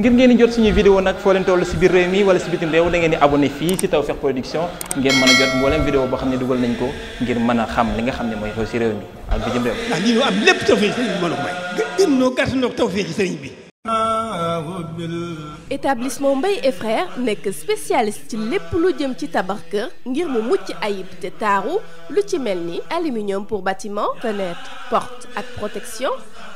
ngir ngeen jot suñu vidéo nag foo leen toll si biir réew mi wala si bitim réew da ngeen di abonné fii si Tawfekh Production ngeen mën a jot mboolem vidéo boo xam ne dugal nañ ko ngir mën a xam li nga xam ne mooy xew si réew mi ak bitim réew. ndax lii ñu am lépp Tawfekh sëriñ bi mën a may. gën noo gàtt noo Tawfekh sëriñ bi. établissement Mbaye et nekk spécialiste ci lépp lu jëm ci tabax kër ngir mu mucc ayib te taaru lu ci mel ni aluminium pour bâtiment fenêtre porte ak protection.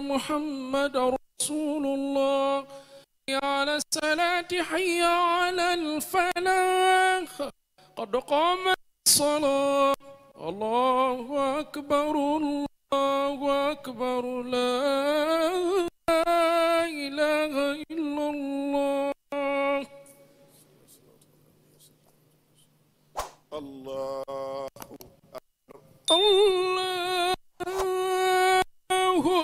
محمد رسول الله حي على الصلاة حي على الفلاح قد قام الصلاة الله أكبر الله أكبر لا إله إلا الله الله أكبر الله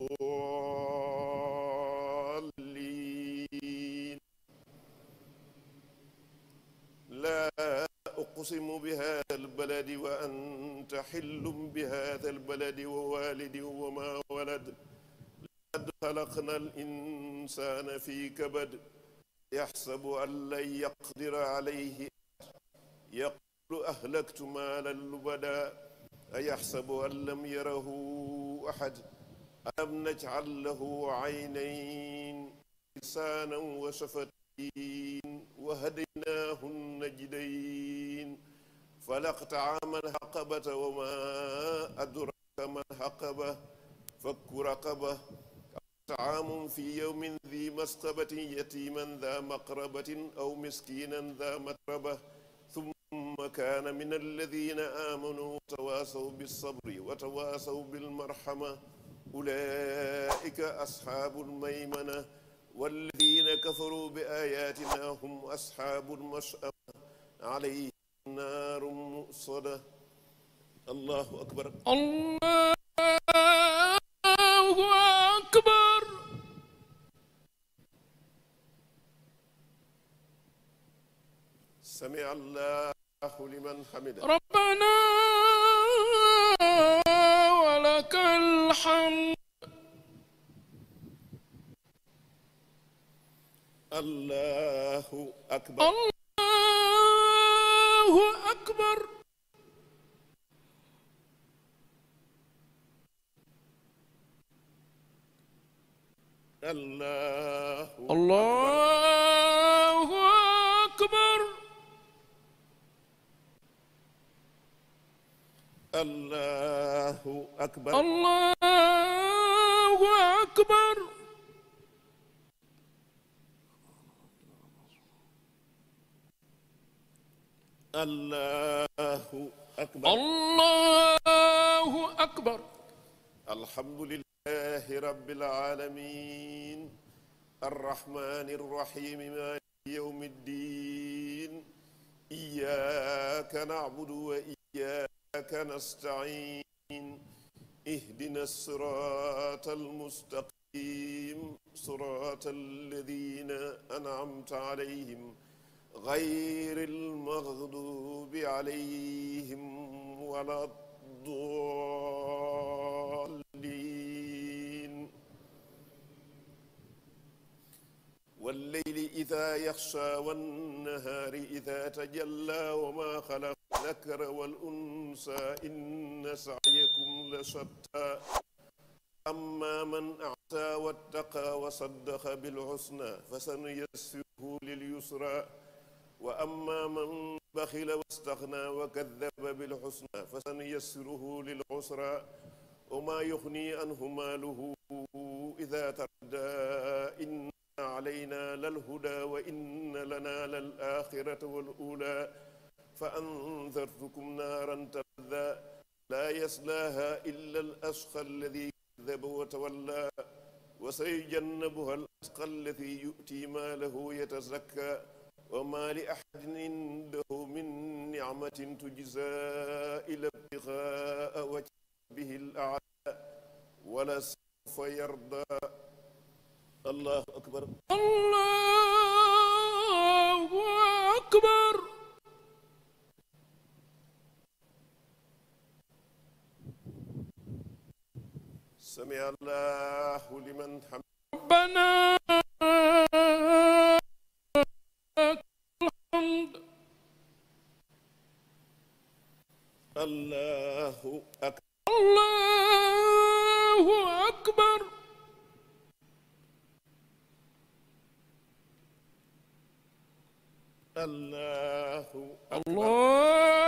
الضالين لا أقسم بهذا البلد وأنت حل بهذا البلد ووالد وما ولد لقد خلقنا الإنسان في كبد يحسب أن لن يقدر عليه يقول أهلكت مالا لبدا أيحسب أن لم يره أحد alam naj'al lahu aynayn lisaanan wa shafatayn wa hadaynaahu najdayn falaqta'a man xaqabata wa ma adraka man xaqaba fakku raqaba طعام في يوم ذي مسقبة يتيما ذا مقربة أو مسكينا ذا متربة ثم كان من الذين آمنوا وتواصوا بالصبر وتواصوا بالمرحمة ulaika asxaabu almaymana walladina kafaru bi ayatina hum asxaabu almashama alayhim naaru musada allahu akbar allahu akbar samia allahu liman hamida rabbana لك الحمد الله أكبر الله أكبر الله الله allahu akbar allahu akbar allahu akbar allahu akbar alhamdulillahi rabbil alamin arrahmani rrahim maliki yawmi ddin iyyaka na'budu wa iyyaka إياك نستعين اهدنا الصراط المستقيم صراط الذين أنعمت عليهم غير المغضوب عليهم ولا الضالين والليل إذا يخشى والنهار إذا تجلى وما خلق الذكر والأنثى إن سعيكم لشتى أما من أعتى واتقى وصدق بالحسنى فسنيسره لليسرى وأما من بخل واستغنى وكذب بالحسنى فسنيسره للعسرى وما يغني عنه ماله إذا تردى إن علينا للهدى وإن لنا للآخرة والأولى fa andartukum naaran talazza laa yaslaaha illa al asqa alladi kadaba wa tawalla wa sayujannabuha al asqa alladi yu'ti maalahu yatazakka wa maa li ahadin indahu min nicmatin tujzaa illa ibtigaa wajhi rabbihi al a'laa wa lasawfa yardaa allahu akbar allahu akbar سمع الله لمن حمد ربنا الحمد الله أكبر الله أكبر الله أكبر الله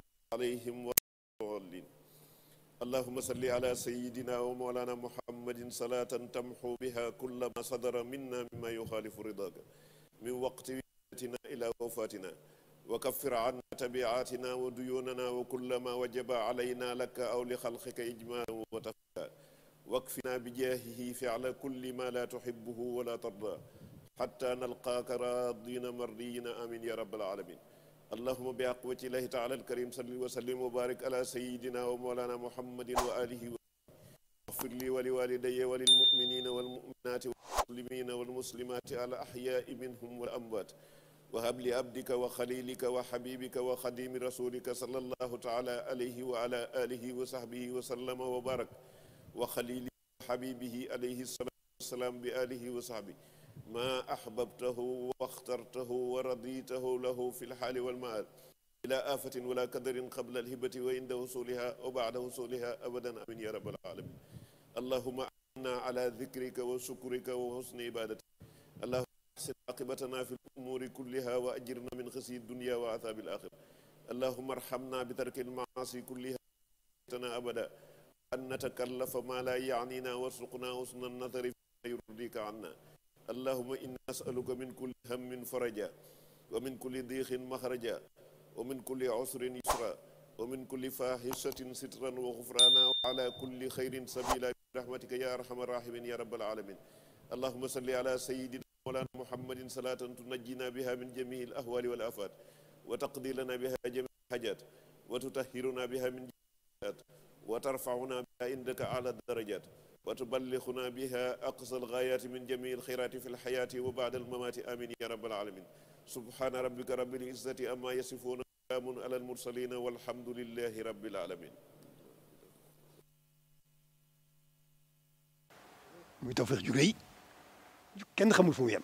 عليهم والضالين اللهم صل على سيدنا ومولانا محمد صلاة تمحو بها كل ما صدر منا مما يخالف رضاك من وقت ولادتنا إلى وفاتنا وكفر عنا تبعاتنا وديوننا وكل ما وجب علينا لك أو لخلقك إجمالا وتفكا واكفنا بجاهه فعل كل ما لا تحبه ولا ترضى حتى نلقاك راضين مرضين آمين يا رب العالمين allahuma bi aqwati llahi taala alkarim salli wa sallim wa barik ala sayidina wa mawlana muhammadin wa alihi wa اغفر لي ولوالدي وللمؤمنين والمؤمنات والمسلمين والمسلمات على أحياء منهم والأموات وهب لعبدك وخليلك وحبيبك وخديم رسولك صلى الله تعالى عليه وعلى آله وصحبه وسلم وبارك وخليلي وحبيبه عليه الصلاة والسلام بآله وصحبه ma ahbabtahu waxtartahu wa raditahu lahu fi lxaali walmaal ila afatin wala kadarin qabla alhibati wa inda wusuliha wa bada wusuliha abadan amin ya rabbal alamin allahuma anna ala dikrika wa shukrika wa husni ibadatik allahuma ahsin aqibatana fi lumuri kulliha wa ajirna min xisi dunia wa athaabi alaxira allahuma arhamna bi tarki almaasi kulliha tana abada an natakallafa ma la yaanina warzuqna husna nathari fi ma yurdika anna allahuma inna nasaluka min kulli hammin faraja wa min kulli diixin maxraja wa min kulli usrin yusra wa min kulli fahishatin sitran wa xufrana wa ala kulli xayrin sabila bi rahmatika ya arhamar rahimin ya rabbal alamin allahuma salli ala sayidina mawlana muhammadin salatan tunajjina biha min jamii al ahwali wal afat wa taqdi lana biha jamii hajat wa tutahhiruna biha min jamii wa tarfauna biha indaka ala darajat wa tuballighuna biha aqsa alghayati min jami alxirati fi lxayaati wa baada almamaati amin ya rabbal alamin subhana rabbika rabbil izzati amma yasifuna salaamun ala almursalina walhamdulillahi rabbil alamin muy tawfeex ju rëy kenn xamul fu mu yem